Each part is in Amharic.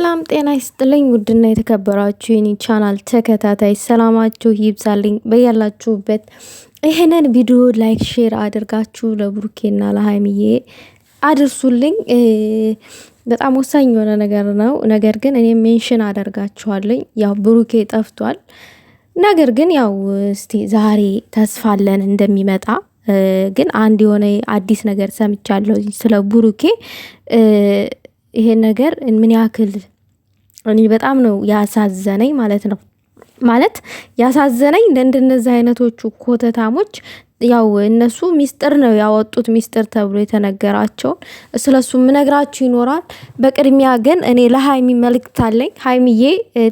ሰላም ጤና ይስጥልኝ። ውድና የተከበራችሁ የኔ ቻናል ተከታታይ ሰላማችሁ ይብዛልኝ በያላችሁበት። ይህንን ቪዲዮ ላይክ፣ ሼር አድርጋችሁ ለብሩኬና ለሀይሚዬ አድርሱልኝ። በጣም ወሳኝ የሆነ ነገር ነው። ነገር ግን እኔ ሜንሽን አደርጋችኋለኝ። ያው ብሩኬ ጠፍቷል። ነገር ግን ያው እስቲ ዛሬ ተስፋ አለን እንደሚመጣ ግን አንድ የሆነ አዲስ ነገር ሰምቻለሁ ስለ ብሩኬ ይሄ ነገር ምን ያክል እኔ በጣም ነው ያሳዘነኝ ማለት ነው። ማለት ያሳዘነኝ እንደነዚህ አይነቶቹ ኮተታሞች ያው እነሱ ሚስጥር ነው ያወጡት፣ ሚስጥር ተብሎ የተነገራቸውን ስለሱ ምነግራችሁ ይኖራል። በቅድሚያ ግን እኔ ለሀይሚ መልእክት አለኝ። ሀይሚዬ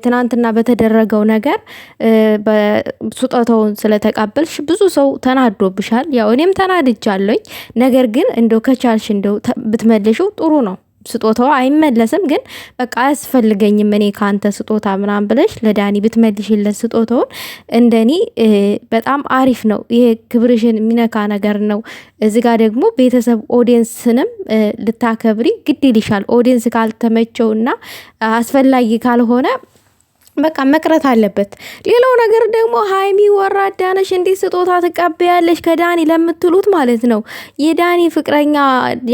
ትናንትና በተደረገው ነገር ስጦታውን ስለተቀበልሽ ብዙ ሰው ተናዶብሻል። ያው እኔም ተናድጃለኝ። ነገር ግን እንደው ከቻልሽ እንደው ብትመልሽው ጥሩ ነው። ስጦታው አይመለስም። ግን በቃ አያስፈልገኝም እኔ ከአንተ ስጦታ ምናምን ብለሽ ለዳኒ ብትመልሽለት ስጦታውን እንደኔ በጣም አሪፍ ነው። ይሄ ክብርሽን የሚነካ ነገር ነው። እዚ ጋ ደግሞ ቤተሰብ ኦዲየንስንም ልታከብሪ ግድ ይልሻል። ኦዲየንስ ካልተመቸውና አስፈላጊ ካልሆነ በቃ መቅረት አለበት። ሌላው ነገር ደግሞ ሀይሚ ወራዳ ነሽ፣ እንዴት ስጦታ ትቀበያለሽ ከዳኒ ለምትሉት ማለት ነው። የዳኒ ፍቅረኛ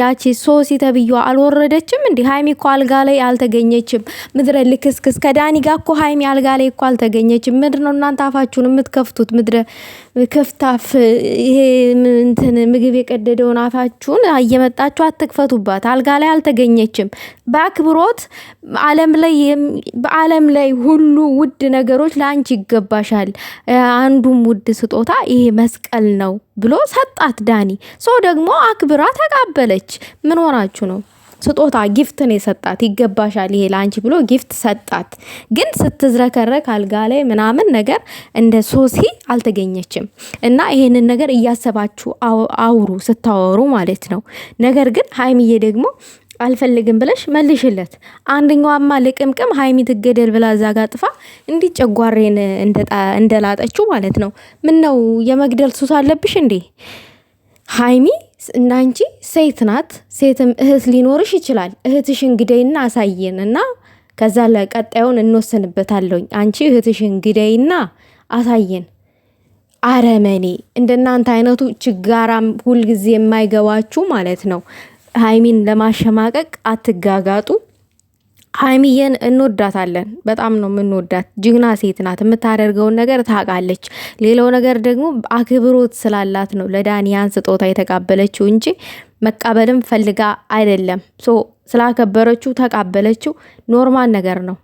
ያቺ ሶሲ ተብዬዋ አልወረደችም እንዴ? ሀይሚ እኮ አልጋ ላይ አልተገኘችም። ምድረ ልክስክስ ከዳኒ ጋር እኮ ሀይሚ አልጋ ላይ እኮ አልተገኘችም። ምንድን ነው እናንተ አፋችሁን የምትከፍቱት? ምድረ ክፍታፍ ይሄ እንትን ምግብ የቀደደውን አፋችሁን እየመጣችሁ አትክፈቱባት። አልጋ ላይ አልተገኘችም። በአክብሮት ዓለም ላይ በዓለም ላይ ሁሉ ውድ ነገሮች ለአንቺ ይገባሻል። አንዱም ውድ ስጦታ ይሄ መስቀል ነው ብሎ ሰጣት ዳኒ። ሰው ደግሞ አክብራ ተቃበለች። ምን ሆናችሁ ነው? ስጦታ ጊፍት ነው የሰጣት። ይገባሻል ይሄ ለአንቺ ብሎ ጊፍት ሰጣት። ግን ስትዝረከረክ አልጋ ላይ ምናምን ነገር እንደ ሶሲ አልተገኘችም። እና ይሄንን ነገር እያሰባችሁ አውሩ ስታወሩ ማለት ነው። ነገር ግን ሀይሚዬ ደግሞ አልፈልግም ብለሽ መልሽለት። አንደኛዋማ ልቅምቅም ሀይሚ ትገደል ብላ እዛ ጋ ጥፋ እንዲህ ጨጓሬን እንደላጠችው ማለት ነው። ምን ነው የመግደል ሱስ አለብሽ እንዴ? ሀይሚ እንዳንቺ ሴት ናት። ሴትም እህት ሊኖርሽ ይችላል። እህትሽን ግደይና አሳየን እና ከዛ ለቀጣዩን እንወስንበታለሁኝ። አንቺ እህትሽን ግደይና አሳየን። አረመኔ እንደናንተ አይነቱ ችጋራም ሁልጊዜ የማይገባችሁ ማለት ነው። ሀይሚን ለማሸማቀቅ አትጋጋጡ። ሀይሚዬን እንወዳታለን። በጣም ነው የምንወዳት። ጅግና ሴት ናት። የምታደርገውን ነገር ታውቃለች። ሌላው ነገር ደግሞ አክብሮት ስላላት ነው ለዳንያን ስጦታ የተቃበለችው እንጂ መቃበልም ፈልጋ አይደለም። ሶ ስላከበረችው ተቃበለችው። ኖርማል ነገር ነው።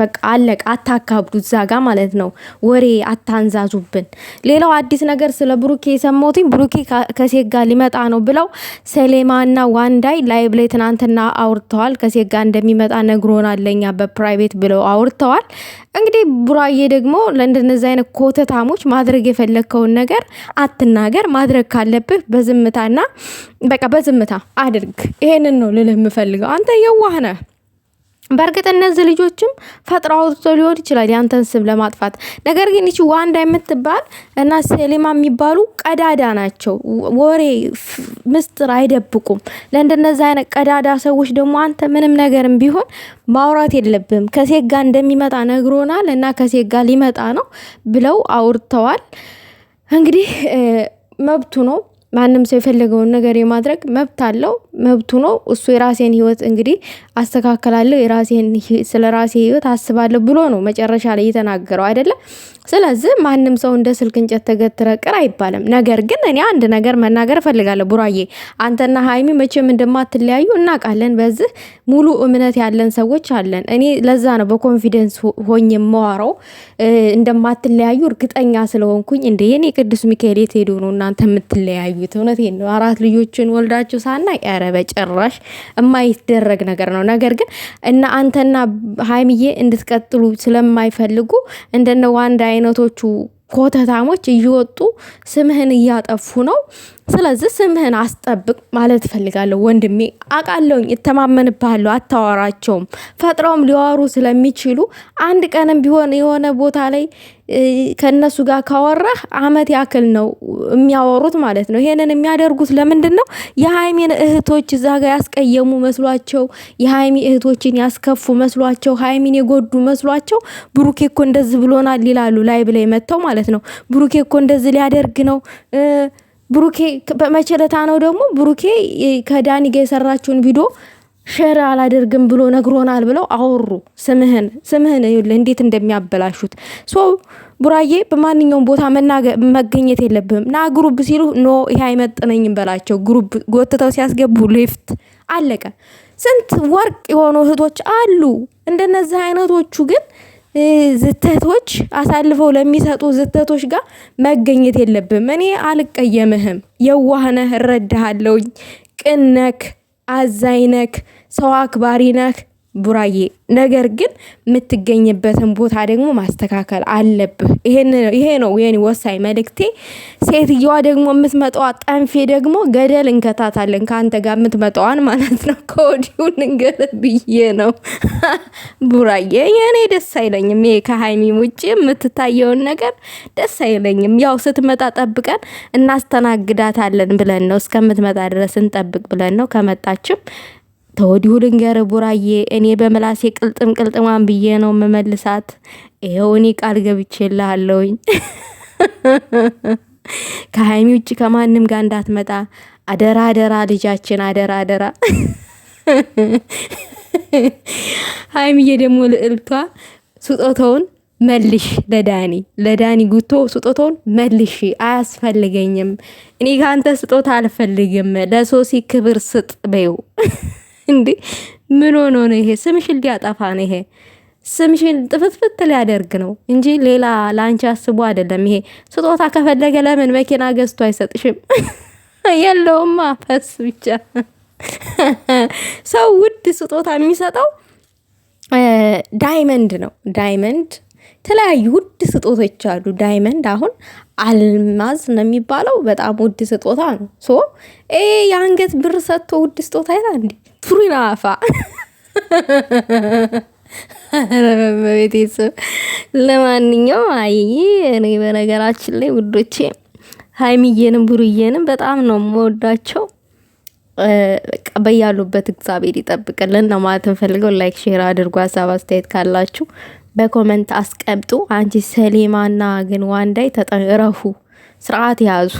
በቃ አለቀ። አታካብዱ እዛ ጋ ማለት ነው። ወሬ አታንዛዙብን። ሌላው አዲስ ነገር ስለ ብሩኬ የሰማሁትኝ ብሩኬ ከሴት ጋር ሊመጣ ነው ብለው ሰሌማና ዋንዳይ ላይብ ላይ ትናንትና አውርተዋል። ከሴት ጋር እንደሚመጣ ነግሮናል ለኛ በፕራይቬት ብለው አውርተዋል። እንግዲህ ቡራዬ ደግሞ ለእንደነዚ አይነት ኮተታሞች ማድረግ የፈለግከውን ነገር አትናገር። ማድረግ ካለብህ በዝምታና በቃ በዝምታ አድርግ። ይሄንን ነው ልልህ የምፈልገው። አንተ የዋህ ነህ። በእርግጥ እነዚህ ልጆችም ፈጥረው አውጥቶ ሊሆን ይችላል ያንተን ስም ለማጥፋት። ነገር ግን ይቺ ዋንዳ የምትባል እና ሴሌማ የሚባሉ ቀዳዳ ናቸው። ወሬ ምስጢር አይደብቁም። ለእንደነዚህ አይነት ቀዳዳ ሰዎች ደግሞ አንተ ምንም ነገርም ቢሆን ማውራት የለብም። ከሴት ጋር እንደሚመጣ ነግሮናል እና ከሴት ጋር ሊመጣ ነው ብለው አውርተዋል። እንግዲህ መብቱ ነው። ማንም ሰው የፈለገውን ነገር የማድረግ መብት አለው፣ መብቱ ነው። እሱ የራሴን ህይወት እንግዲህ አስተካከላለሁ፣ የራሴን ስለ ራሴ ህይወት አስባለሁ ብሎ ነው መጨረሻ ላይ የተናገረው አይደለም። ስለዚህ ማንም ሰው እንደ ስልክ እንጨት ተገትረ ቅር አይባልም። ነገር ግን እኔ አንድ ነገር መናገር እፈልጋለሁ። ቡራዬ አንተና ሀይሚ መቼም እንደማትለያዩ እናውቃለን። በዚህ ሙሉ እምነት ያለን ሰዎች አለን። እኔ ለዛ ነው በኮንፊደንስ ሆኝ የማወራው እንደማትለያዩ እርግጠኛ ስለሆንኩኝ። እንደ የኔ ቅዱስ ሚካኤል የት ሄዱ ነው እናንተ የምትለያዩ ያዩት። እውነቴን ነው። አራት ልጆችን ወልዳችሁ ሳናይ ያረ በጭራሽ የማይደረግ ነገር ነው። ነገር ግን እነ አንተና ሀይምዬ እንድትቀጥሉ ስለማይፈልጉ እንደነ ዋንድ አይነቶቹ ኮተታሞች እየወጡ ስምህን እያጠፉ ነው። ስለዚህ ስምህን አስጠብቅ ማለት እፈልጋለሁ ወንድሜ። አውቃለሁኝ፣ እተማመንብሃለሁ። አታዋራቸውም ፈጥረውም ሊዋሩ ስለሚችሉ አንድ ቀንም ቢሆን የሆነ ቦታ ላይ ከእነሱ ጋር ካወራህ አመት ያክል ነው የሚያወሩት ማለት ነው። ይሄንን የሚያደርጉት ለምንድን ነው? የሀይሚን እህቶች እዛ ጋር ያስቀየሙ መስሏቸው፣ የሀይሚ እህቶችን ያስከፉ መስሏቸው፣ ሀይሚን የጎዱ መስሏቸው ብሩኬ እኮ እንደዚህ ብሎናል ይላሉ። ላይ ብላይ መጥተው ማለት ነው። ብሩኬ እኮ እንደዚህ ሊያደርግ ነው ብሩኬ በመቸለታ ነው ደግሞ ብሩኬ ከዳኒ ጋር የሰራችውን ቪዲዮ ሸር አላደርግም ብሎ ነግሮናል ብለው አወሩ። ስምህን ስምህን ይኸውልህ እንዴት እንደሚያበላሹት ሶ ቡራዬ፣ በማንኛውም ቦታ መገኘት የለብህም ና ግሩብ ሲሉ ኖ ይሄ አይመጥነኝም በላቸው። ግሩብ ጎትተው ሲያስገቡ ሊፍት አለቀ። ስንት ወርቅ የሆኑ እህቶች አሉ። እንደነዚህ አይነቶቹ ግን ዝተቶች አሳልፈው ለሚሰጡ ዝተቶች ጋር መገኘት የለብህም። እኔ አልቀየምህም። የዋህነህ እረዳሃለውኝ ቅነክ አዛኝ ነክ፣ ሰው አክባሪ ነክ ቡራዬ ነገር ግን የምትገኝበትን ቦታ ደግሞ ማስተካከል አለብህ። ይሄ ነው የኔ ወሳኝ መልእክቴ። ሴትየዋ ደግሞ የምትመጣዋ ጠንፌ ደግሞ ገደል እንከታታለን ከአንተ ጋር የምትመጣዋን ማለት ነው። ከወዲሁ ንገር ብዬ ነው ቡራዬ። የኔ ደስ አይለኝም። ይሄ ከሀይሚ ውጭ የምትታየውን ነገር ደስ አይለኝም። ያው ስትመጣ ጠብቀን እናስተናግዳታለን ብለን ነው እስከምትመጣ ድረስ እንጠብቅ ብለን ነው። ከመጣችም ተወዲሁ ልንገር ቡራዬ፣ እኔ በምላሴ ቅልጥም ቅልጥማን ብዬ ነው መመልሳት። ይኸው እኔ ቃል ገብቼልሃለሁኝ ከሀይሚ ውጭ ከማንም ጋር እንዳትመጣ አደራ፣ አደራ ልጃችን፣ አደራ፣ አደራ። ሀይሚዬ ደግሞ ልዕልቷ ስጦታውን መልሽ ለዳኒ ለዳኒ ጉቶ ስጦታውን መልሽ፣ አያስፈልገኝም። እኔ ከአንተ ስጦታ አልፈልግም። ለሶሲ ክብር ስጥ በይው። እንዴ ምን ሆኖ ነው ይሄ? ስምሽን ሊያጠፋ ነው ይሄ ስምሽን ጥፍትፍት ሊያደርግ ነው እንጂ ሌላ ለአንቺ አስቦ አይደለም። ይሄ ስጦታ ከፈለገ ለምን መኪና ገዝቶ አይሰጥሽም? የለውም አፈስ ብቻ ሰው ውድ ስጦታ የሚሰጠው ዳይመንድ ነው። ዳይመንድ የተለያዩ ውድ ስጦቶች አሉ። ዳይመንድ አሁን አልማዝ ነው የሚባለው በጣም ውድ ስጦታ ነው። ሶ ይሄ የአንገት ብር ሰጥቶ ውድ ስጦታ ይላል እንዴ? ቱሪና አፋ ቤተሰብ ለማንኛውም ሀይዬ እኔ በነገራችን ላይ ውዶቼ ሀይሚዬንም ብሩዬንም በጣም ነው የምወዳቸው። በያሉበት እግዚአብሔር ይጠብቅልን ነው ማለት እንፈልገው። ላይክ ሼር አድርጎ ሀሳብ አስተያየት ካላችሁ በኮመንት አስቀምጡ። አንቺ ሰሌማና ግን ዋንዳይ ተጠረፉ፣ ስርዓት ያዙ።